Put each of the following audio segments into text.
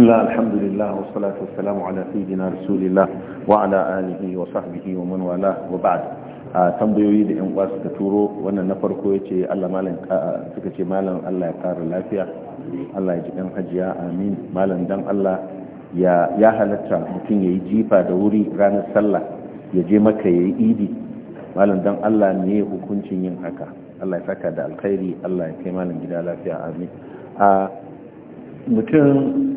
بسم الله الحمد لله والصلاة والسلام على سيدنا رسول الله وعلى آله وصحبه ومن والاه وبعد tambayoyi da 'yan uwasu suka turo wannan na farko ya ce allah malam suka ce malam allah ya kara lafiya allah ya ji ɗan hajiya amin malam dan allah ya halatta mutum ya yi jifa da wuri ranar sallah ya je maka ya yi idi malam dan allah ne hukuncin yin haka allah ya da alkhairi allah ya kai malam gida lafiya amin mutum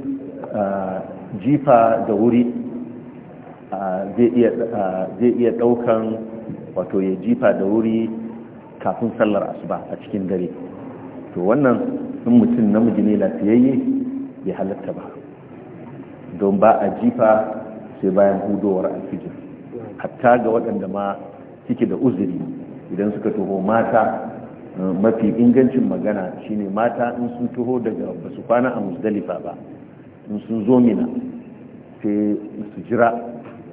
jifa da wuri zai iya ɗaukan wato ya jifa da wuri kafin sallar asuba a cikin dare to wannan in mutum namiji ne lafiyayye bai halatta ba don ba a jifa sai bayan hudowar alfijir hatta ga waɗanda ma suke da uzuri idan suka taho mata eh, mafi ingancin magana shine mata in sun taho daga basu kwana a musdalifa ba in sun zo mina sai su jira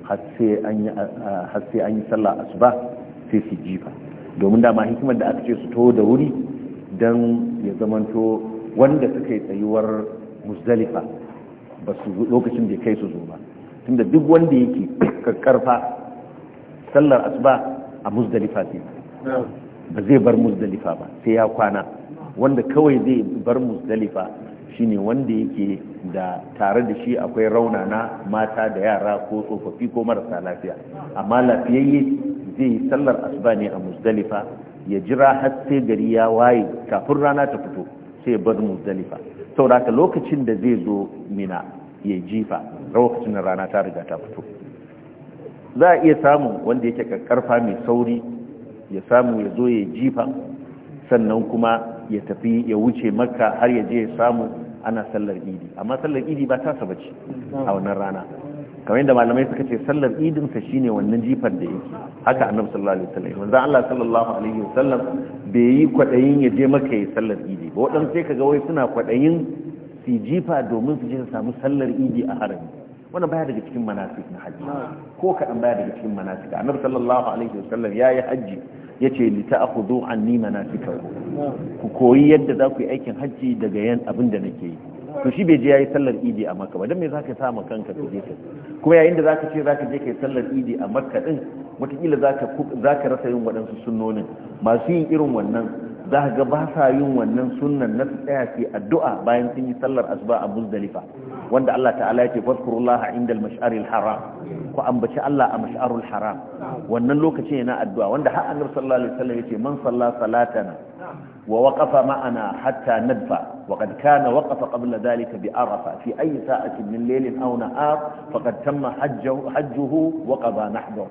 har sai an yi sallah a asuba sai su jifa domin dama hikimar da aka ce su to da wuri don ya zamanto wanda suka yi tsayuwar musdalifa ba su lokacin da kai su zo ba tunda duk wanda yake karfa sallar asuba a musdalifa ce ba zai bar musdalifa ba sai ya kwana wanda kawai zai bar musdalifa shine wanda yake da tare da shi akwai rauna na mata da yara ko tsofaffi ko marasa lafiya amma lafiyayye zai sallar asuba ne a musdalifa ya jira har sai gari ya waye kafin rana ta fito sai bar musdalifa saboda lokacin da zai zo mina ya jifa lokacin da rana ta riga ta fito za a iya samun wanda yake karfa mai sauri ya samu ya zo ya jifa sannan kuma ya tafi ya wuce makka har ya je ya samu ana sallar idi amma sallar idi ba ta saba a wannan rana kamar yadda malamai suka ce sallar idin sa shine wannan jifar da yake haka annabi sallallahu alaihi wasallam manzo Allah sallallahu alaihi wasallam bai yi kwadayin ya je makka ya sallar idi ba wadan sai kaga wai suna kwadayin su jifa domin su je su samu sallar idi a harami wanda baya daga cikin manasik na hajji ko kaɗan baya daga cikin manasik annabi sallallahu alaihi wasallam ya yi hajji ya ce li ta'khudhu anni manasikakum ku koyi yadda za ku yi aikin hajji daga yan abin da nake yi to shi bai je yayi sallar idi a makka ba dan me zaka sa ma kanka ka je ka kuma yayin da zaka ce zaka je kai sallar idi a makka din wataƙila zaka zaka rasa yin waɗansu sunnonin masu yin irin wannan za ka ga ba sa yin wannan sunan na tsaya su addu'a bayan sun yi sallar asuba a muzdalifa wanda Allah ta'ala yake fadkurullaha inda al-mash'aril haram ku ambaci Allah a mash'arul haram wannan lokacin na addu'a wanda har annabi sallallahu alaihi wasallam yake man salla salatana wa waqafa ma'ana hatta nadfa wa qad kana waqafa qabla dhalika bi arafa fi ayi sa'atin min laylin aw nahar faqad tamma hajjuhu wa qada nahbahu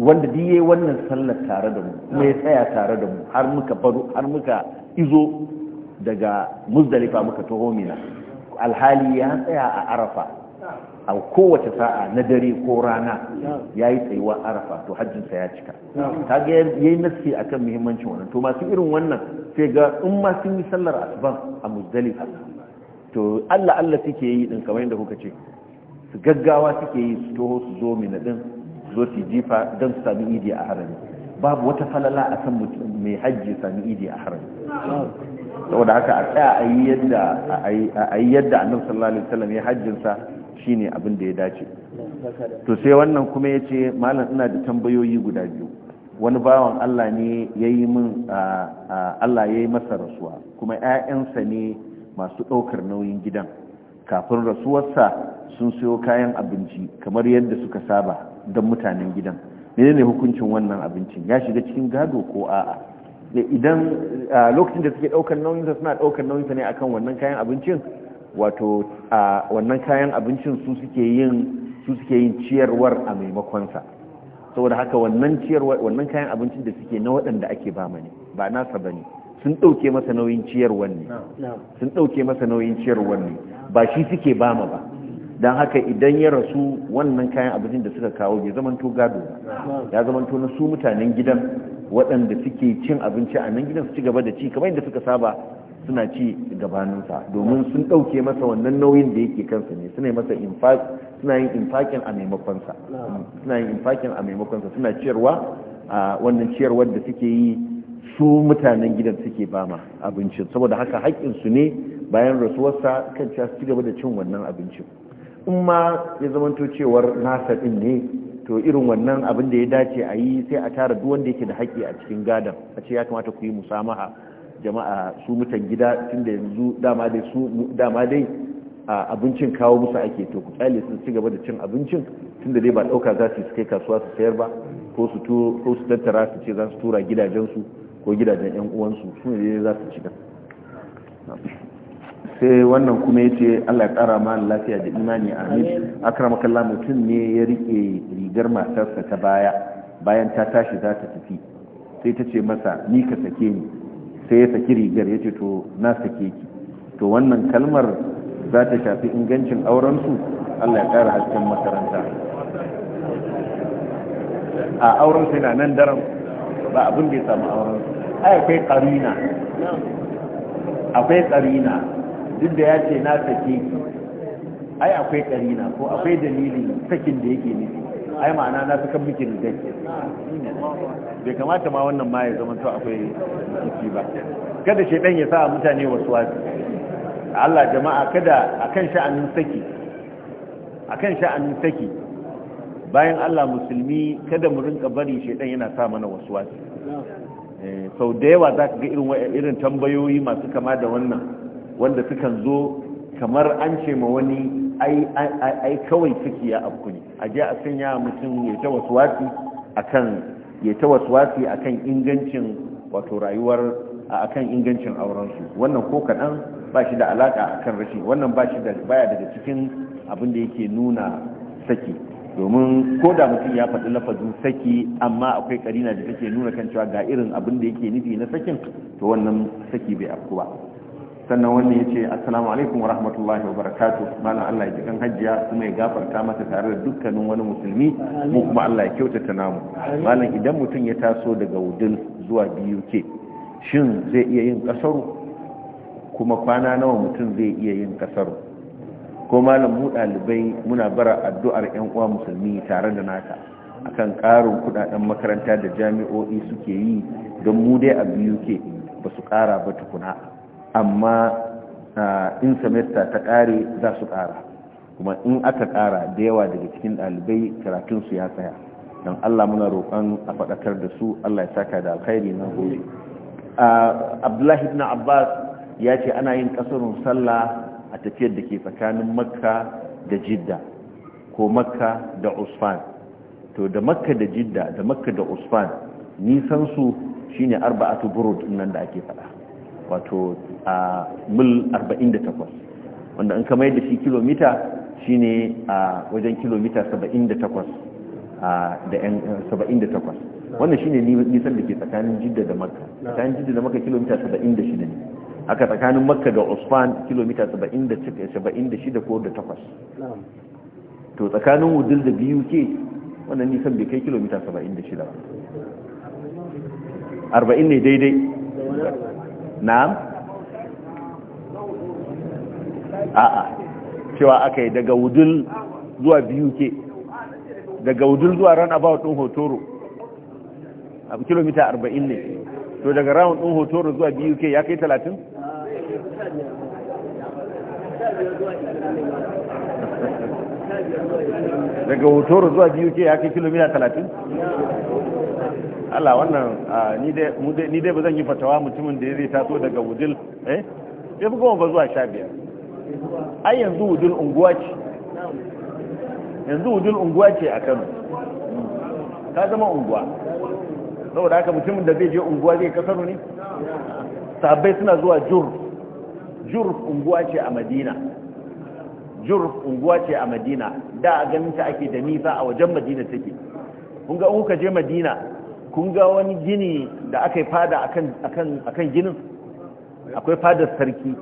wanda duk yayi wannan sallar tare da mu kuma ya tsaya tare da mu har muka faru har muka izo daga muzdalifa muka taho mina alhali ya tsaya a arafa a kowace sa'a na dare ko rana ya yi tsayuwa arafa to hajjinsa ya cika kaga ya yi nassi akan muhimmancin wannan to masu irin wannan sai ga in ma sun yi sallar asuban a muzdalifa to allah allah suke yi din kamar yadda kuka ce su gaggawa suke yi su toho su zo mina din zo su jifa don su sami idi a harami babu wata falala a san mai hajji sami idi a harami saboda haka a tsaya a yi yadda a annabi sallallahu alaihi ya hajjinsa shine abin da ya dace to sai wannan kuma ya ce malam ina da tambayoyi guda biyu wani bawan Allah ne ya yi min Allah ya yi masa rasuwa kuma 'ya'yansa ne masu ɗaukar nauyin gidan kafin rasuwarsa sun siyo kayan abinci kamar yadda suka saba don mutanen gidan menene hukuncin wannan abincin ya shiga cikin gado ko a'a idan lokacin da suke daukar sa suna daukar sa ne akan wannan kayan abincin wato wannan kayan abincin su suke yin su suke yin ciyarwar a maimakon sa saboda haka wannan ciyarwar wannan kayan abincin da suke na waɗanda ake ba mani ba nasa bane sun dauke masa nauyin ciyarwar ne sun dauke masa nauyin ciyarwar ne ba shi suke ba ma ba don haka idan ya rasu wannan kayan abincin da suka kawo ya zamanto gado ya zamanto na su mutanen gidan waɗanda suke cin abinci a nan gidan su ci gaba da ci kamar yadda suka saba suna ci gabaninsa domin sun ɗauke masa wannan nauyin da yake kansa ne suna masa suna yin infakin a maimakonsa suna yin infakin a maimakonsa suna ciyarwa a wannan ciyarwar da suke yi su mutanen gidan suke bama abincin saboda haka haƙƙinsu ne bayan rasuwarsa kan ci gaba da cin wannan abincin in ma ya zamanto cewar nasa din ne to irin wannan abin da ya dace a yi sai a tara duk wanda yake da haƙƙi a cikin gadan a ce ya kamata ku yi musamaha jama'a su mutan gida tunda yanzu dama dai su dama dai abincin kawo musu ake to ku kyale su ci gaba da cin abincin tunda dai ba ɗauka za su kai kasuwa su sayar ba ko su ko su tattara su ce za su tura gidajensu ko gidajen 'yan uwansu su ne za su ci sai wannan kuma ya ce allah ya kara ma lafiya da imani amin akramakallah mutum ne ya rike rigar matarsa ta baya bayan ta tashi za ta tafi sai ta ce masa ni ka sake ni sai ya saki rigar ya ce to na sake ki to wannan kalmar za ta shafi ingancin aurensu allah ya kara hasken makaranta a auren sai na nan daren ba abin da ya samu auren ai akwai karina akwai karina duk da ya ce na sake ai akwai karina ko akwai dalilin sakin da yake nufi ai ma'ana na suka miki rigar bai kamata ma wannan ma ya zama to akwai ciki ba kada shaidan ya sa mutane wasu wasu Allah jama'a kada kan sha'anin saki kan sha'anin saki bayan Allah musulmi kada mu rinka bari shaidan yana sa mana wasu wasu eh, sau da yawa za ka ga irin tambayoyi masu kama da wannan wanda sukan zo kamar an ce ma wani ai kawai suke ya abu ne a je a sanya mutum ya ta wasu akan a kan ingancin wato rayuwar a kan ingancin aurensu wannan ko kaɗan ba shi da alaka kan rashi wannan ba shi da baya daga cikin abin da yake nuna saki domin ko da mutum ya faɗi lafazin saki amma akwai ƙarina da take nuna kan cewa ga irin abin da yake nufi na sakin to wannan saki bai afku ba sannan wannan ya ce assalamu alaikum wa rahmatullahi wa barakatu malam Allah ya jikan hajjiya kuma ya gafarta mata tare da dukkanin wani musulmi mu kuma Allah ya kyautata namu malam idan mutum ya taso daga wudil zuwa BUK shin zai iya yin kasaru kuma kwana nawa mutum zai iya yin kasaru ko malam mu dalibai muna bara addu'ar yan uwa musulmi tare da naka akan karin kudaden makaranta da jami'o'i suke yi don mu dai a BUK ba su kara ba tukuna amma in semester ta ƙare za su kara kuma in aka ƙara da yawa daga cikin ɗalibai karatunsu ya tsaya don allah muna roƙon a faɗakar da su allah ya saka da alkhairi na gobe abdullahi ibn abbas ya ce ana yin ƙasarun sallah a tafiyar da ke tsakanin makka da jidda ko makka da usfan to da makka da jidda da makka da usfan nisansu shine arba'atu burud nan da ake faɗa wato a mil 48 wanda in kamar da shi kilomita shi ne a wajen kilomita 78 wannan shi ne nisan da ke tsakanin jidda da makka tsakanin jidda da makka kilomita 76 ne haka tsakanin makka ga osman kilomita 76 ko da 8 to tsakanin wudil da biyu ke wannan nisan bai kai kilomita 76 ba 40 ne daidai na'am a'a cewa aka yi daga wudul zuwa biyu ke daga wudul zuwa ran abawa ɗin hotoro a kilomita arba'in ne to daga ran ɗin hotoro zuwa biyu ke ya kai talatin daga hotoro zuwa biyu ke ya kai kilomita talatin. Allah wannan ni dai ba zan yi fatawa mutumin da ya zai taso daga wudil eh ya fi goma ba zuwa sha biyar ai yanzu wudil unguwa ce yanzu wudil unguwa ce a kano ta zama unguwa saboda haka mutumin da zai je unguwa zai kasaro ne sabai suna zuwa jur jur unguwa ce a madina jur unguwa ce a madina da a ganin ta ake da nisa a wajen madina take kun ga in kuka je madina kun ga wani gini da aka yi fada kan ginin akwai fadar sarki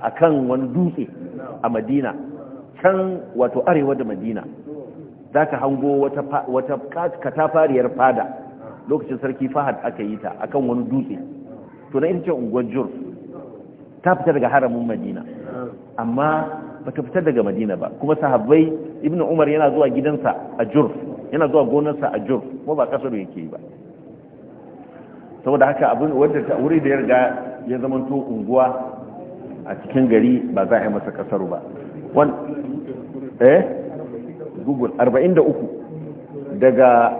a kan wani dutse a madina kan wato arewa da madina za ka hango wata katafariyar fada lokacin sarki fahad aka yi ta a kan wani dutse to na ita ce unguwar jur ta fita daga haramun madina amma ba ta fita daga madina ba kuma sahabbai ibn umar yana zuwa gidansa a jur yana zuwa gonarsa a jur kuma ba kasar yake yi ba saboda haka abin wadda ta wuri da ya riga ya unguwa a cikin gari ba za a yi masa kasar ba eh google 43 daga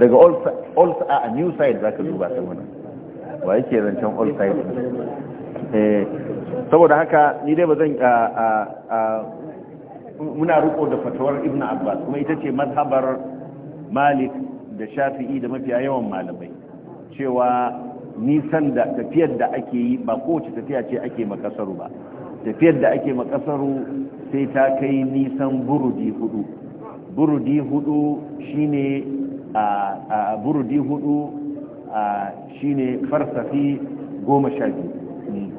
daga all side a new side za ka duba ta wani ba yake zancen all side eh, saboda haka ni dai ba zan muna riko da fatawar ibn abbas kuma ita ce mazhabar malik da shafi'i da mafiya yawan malamai cewa nisan da tafiyar da ake yi ba kowace tafiya ce ake makasaru ba tafiyar da ake makasaru sai ta kai nisan burudi hudu burudi hudu shine a burudi hudu shine farsafi goma sha biyu hmm.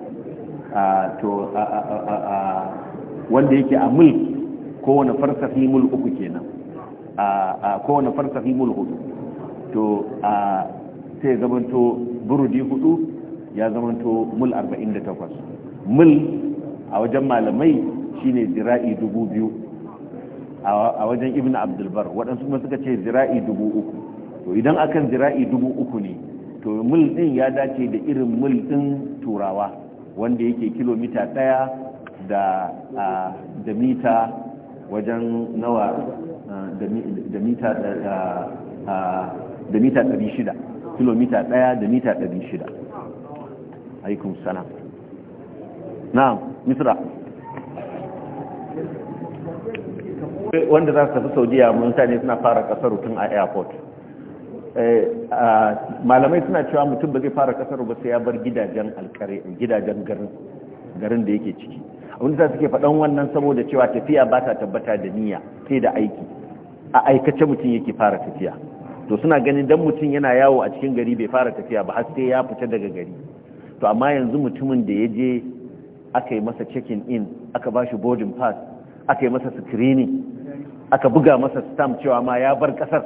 wanda yake a mulki kowane farsafi mul uku kenan a kowane farsafi mul to a sai zamanto burudi hudu ya zamanto mul 48 mul a wajen malamai shine zira'i dubu biyu a wajen ibn abdulbar waɗansu kuma suka ce zira'i dubu uku to idan akan zira'i dubu uku ne to mul ɗin ya dace da irin mul ɗin turawa wanda yake kilomita ɗaya da mita wajen nawa ah, da mita da mita 600 kilomita 1 da mita 600 alaikum salam na misra wanda za su tafi saudiya mutane suna fara kasar tun a airport eh, ah, malamai suna cewa mutum ba zai fara kasar ba sai ya bar gidajen alkare gidajen garin da yake ciki abin da suke faɗan wannan saboda cewa tafiya ba ta tabbata da niyya sai da aiki a aikace mutum yake fara tafiya to suna ganin dan mutum yana yawo a cikin gari bai fara tafiya ba har sai ya fita daga gari to amma yanzu mutumin da ya je aka yi masa check in aka ba shi boarding pass aka yi masa screening aka buga masa stamp cewa ma ya bar kasar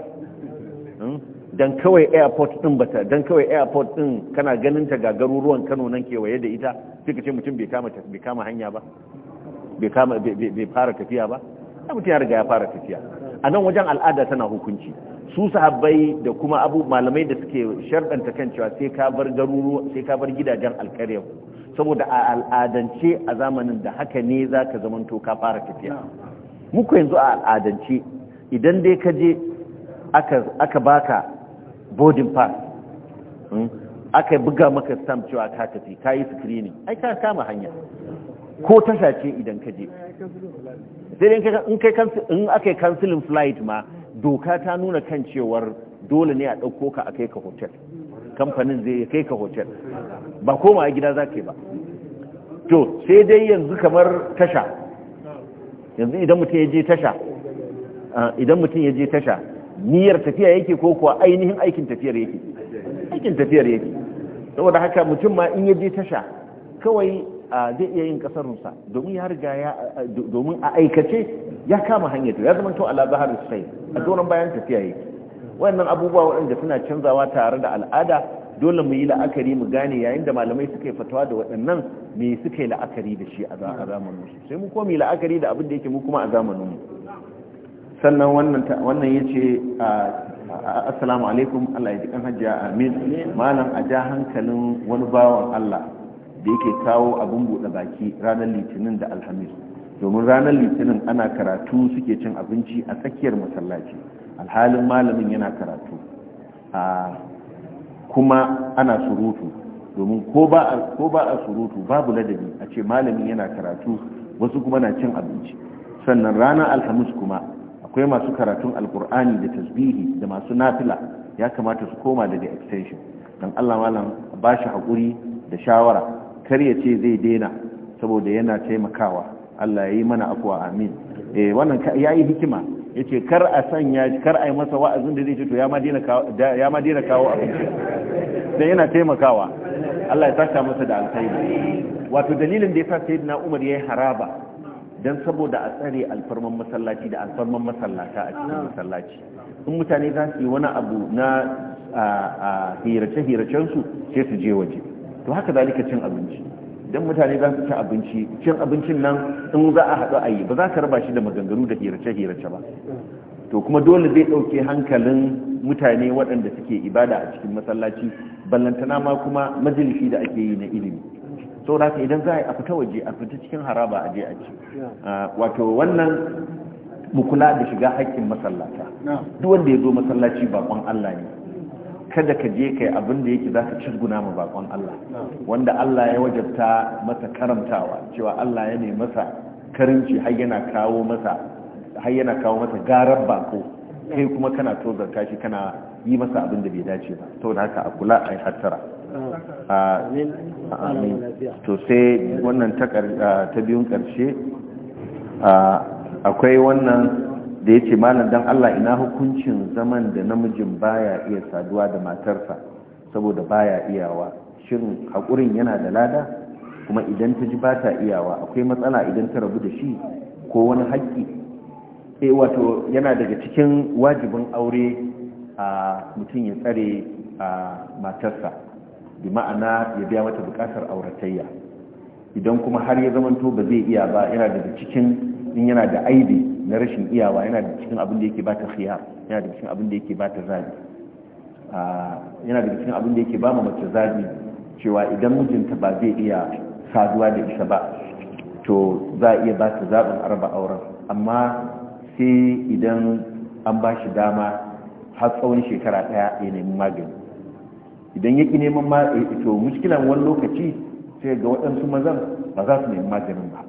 don hmm? kawai airport din bata dan kawai airport din kana ganin ta ga garuruwan Kano nan kewaye da ita sai ka ce mutum bai kama hanya ba bai fara tafiya ba sai mutum ya riga ya fara tafiya a nan wajen al'ada tana hukunci su sahabbai da kuma abu malamai da suke sharɗanta kan cewa sai ka bar garuru sai ka bar gidajen alkarya saboda a al'adance a zamanin da haka ne za ka zamanto ka fara tafiya muku yanzu a al'adance idan dai ka je aka baka boarding pass hmm, aka buga maka stamp cewa ka tafi ka yi screening ai ka kama hanya ko tasha ce idan ka je sai dai in kai in aka cancelin flight ma doka ta nuna kan cewar dole ne a ɗauko ka a kai ka hotel kamfanin zai kai ka hotel ba koma a gida za yi ba to sai dai yanzu kamar tasha yanzu idan mutum ya je tasha idan mutum ya je tasha niyyar tafiya yake ko kuwa ainihin aikin tafiyar yake aikin tafiyar yake saboda haka mutum ma in yaje tasha kawai zai iya yin kasarunsa domin ya riga ya domin a aikace ya kama hanyar ya zama to ala zahar sai a doron bayan tafiya yake wannan abubuwa waɗanda suna canzawa tare da al'ada dole mu yi la'akari mu gane yayin da malamai suka yi fatawa da waɗannan me suka yi la'akari da shi a zamanin su sai mu koma la'akari da abin da yake mu kuma a zamanin mu sannan wannan wannan yace assalamu alaikum Allah ya ji kan hajjiya amin malam a ja hankalin wani bawan Allah da yake kawo abin buɗe baki ranar litinin da alhamis domin ranar litinin ana karatu suke cin abinci a tsakiyar masallaci alhalin malamin yana karatu a kuma ana surutu domin ko ba a surutu babu ladabi a ce malamin yana karatu wasu kuma na cin abinci sannan ranar alhamis kuma akwai masu karatun alkur'ani da tasbihi da masu nafila ya kamata su koma daga extension don allah malam ba shi haƙuri da shawara kar ya ce zai daina saboda yana taimakawa allah ya yi mana afuwa amin eh wannan ya yi hikima ya ce kar a sanya kar a yi masa wa'azin da zai ce to ya ma daina kawo abinci don yana taimakawa allah ya saka masa da alkhairi wato dalilin da ya sa sayyidina umar ya yi haraba don saboda a tsare alfarman masallaci da alfarman masallata a cikin masallaci in mutane za su yi wani abu na hirace-hiracensu sai su je waje to haka zalika cin abinci don mutane za su ci abinci cin abincin nan in za a haɗu a yi ba za ka raba shi da maganganu da hirace-hirace ba to kuma dole zai ɗauke hankalin mutane waɗanda suke ibada a cikin masallaci ballantana ma kuma majalisi da ake yi na ilimi saboda ka idan za a fita waje a fita cikin haraba a je a ci ah, wato wannan mu kula da shiga haƙƙin masallata duk wanda ya zo masallaci bakon Allah ne kada ka je kai abin da yake zaka cizguna ma bakon Allah wanda Allah ya wajabta masa karantawa cewa Allah ya ne masa karinci har yana kawo masa har yana kawo masa garar bako kai kuma kana tozarta shi kana yi masa abin da bai dace ba saboda haka a kula a yi hattara amin amin to sai wannan ta biyun karshe akwai wannan da ya ce malam don Allah ina hukuncin zaman da namijin baya iya saduwa da matarsa saboda baya iyawa shin haƙurin yana da lada kuma idan ta ji ba ta iyawa akwai matsala idan ta rabu da shi ko wani haƙƙi E, wato yana daga cikin wajibin aure a mutum ya tsare a matarsa bi ma'ana ya biya mata bukatar auratayya idan kuma har ya zamanto ba zai iya ba yana daga cikin in yana da aibi na rashin iyawa yana da cikin abin da yake ba ta khiyar yana da cikin abin da yake ba ta zabi yana da cikin abin da yake ba mace zabi cewa idan mijinta ba zai iya saduwa da isa ba to za a iya ba ta zaɓin araba auren amma sai idan an ba shi dama har tsawon shekara ɗaya ya nemi magani idan ya ƙi neman ma eh, to mushkilan wani lokaci sai ga waɗansu mazan ba za su nemi maganin ba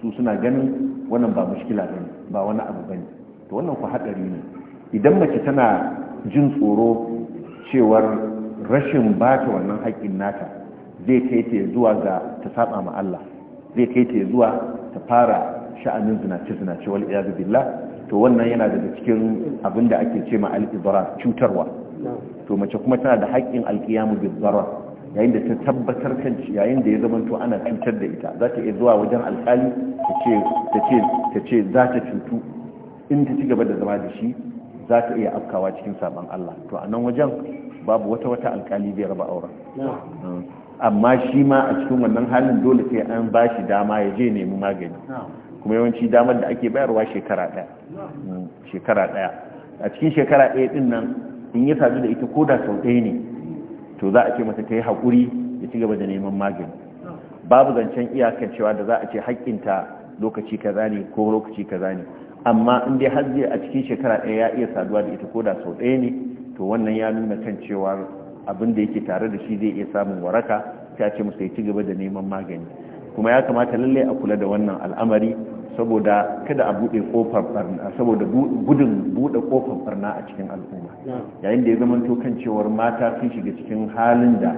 su suna ganin wannan ba mushkila ba ba wani abu ba ne to wannan ku haɗari ne idan mace tana jin tsoro cewar rashin ba ta wannan haƙƙin nata zai kai ta zuwa ga ta saba ma Allah zai kai ta zuwa ta fara sha'anin zinace zinace wal iyad billah to wannan yana daga cikin abin da ake ce ma al cutarwa to mace kuma tana da haƙƙin alƙiyamu bi zarar yayin da ta tabbatar kan yayin da ya zama zamanto ana cutar da ita za ta iya zuwa wajen alƙali ta ce ta ce za ta cutu in ta ci gaba da zama da shi za ta iya afkawa cikin saban Allah to a nan wajen babu wata wata alƙali zai raba auren amma shi ma a cikin wannan halin dole sai an ba shi dama ya je nemi magani kuma yawanci damar da ake bayarwa shekara ɗaya shekara ɗaya a cikin shekara ɗaya ɗin nan in ya sadu da ita ko da sau ɗaya ne to za a ce masa ta yi haƙuri ya ci gaba da neman magani babu zancen iyakar cewa da za a ce haƙƙinta lokaci kaza ne ko lokaci kaza ne amma in dai har zai a cikin shekara ɗaya ya iya saduwa da ita ko da sau ɗaya ne to wannan ya nuna kan cewa abin da yake tare da shi zai iya samun waraka ta ce masa ya ci gaba da neman magani kuma ya kamata lallai a kula da wannan al'amari saboda kada a bude kofar barna saboda gudun bude kofar barna a cikin al'umma yayin da ya zamanto kan cewar mata sun shiga cikin halin da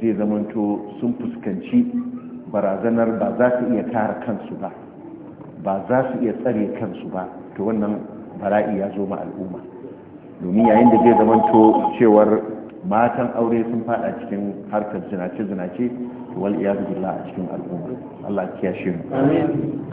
zai zamanto sun fuskanci barazanar ba za su iya tara kansu ba ba za su iya tsare kansu ba to wannan bala'i ya zo ma al'umma domin yayin da zai zamanto cewar matan aure sun fada cikin harkar zinace-zinace wal iyazu billah a cikin al'umma Allah ya kiyashe mu amin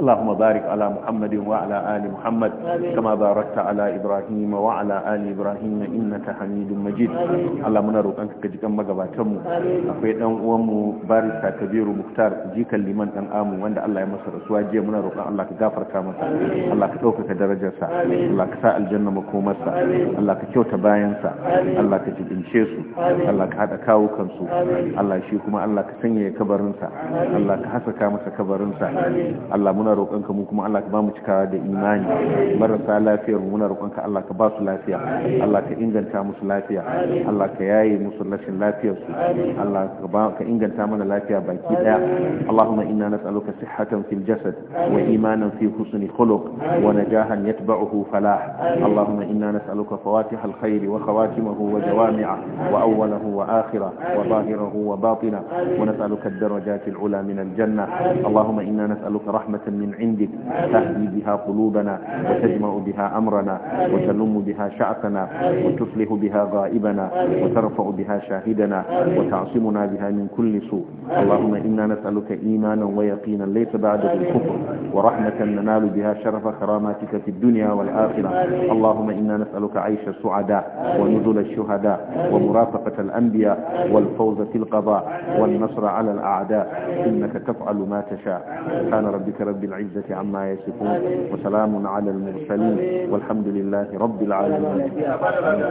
اللهم بارك على محمد وعلى آل محمد كما باركت على إبراهيم وعلى آل إبراهيم إنك حميد مجيد اللهم نروك أنك كجكم مقباتهم أخوة أم بارك كبير مختار جيكا لمن أنعام وأن الله يمسر أسواجي من روك الله كغافر كامسا الله كتوفك درجة سا الله كساء الجنة مكومسا الله كتوت باينسا الله كتبنشيسو الله كهذا كاوكنسو الله شيكما الله كسنية كبرنسا الله كحسكا مسا كبرنسا الله منا muna roƙonka mu kuma Allah ka ba mu cikawa da imani marasa lafiyar muna roƙonka Allah ka ba su lafiya Allah ka inganta musu lafiya Allah ka yaye musu rashin lafiyar su Allah ka inganta mana lafiya baki daya Allahumma inna nas'aluka sihhatan fil jasad wa imanan fi husni khuluq wa najahan yatba'uhu falah Allahumma inna nas'aluka فواتح الخير وخواتمه وجوامعه وأوله وآخره وظاهره وباطنه ونسألك الدرجات العلى من الجنة اللهم إنا نسألك رحمة من عندك تهدي بها قلوبنا وتجمع بها أمرنا وتلم بها شعثنا وتفلح بها غائبنا وترفع بها شاهدنا وتعصمنا بها من كل سوء اللهم إنا نسألك إيمانا ويقينا ليس بعد الكفر ورحمة ننال بها شرف كراماتك في الدنيا والآخرة اللهم إنا نسألك عيش السعداء ونزل الشهداء ومرافقة الأنبياء والفوز في القضاء والنصر على الأعداء إنك تفعل ما تشاء سبحان ربك رب رب العزة عما يصفون وسلام على المرسلين والحمد لله رب العالمين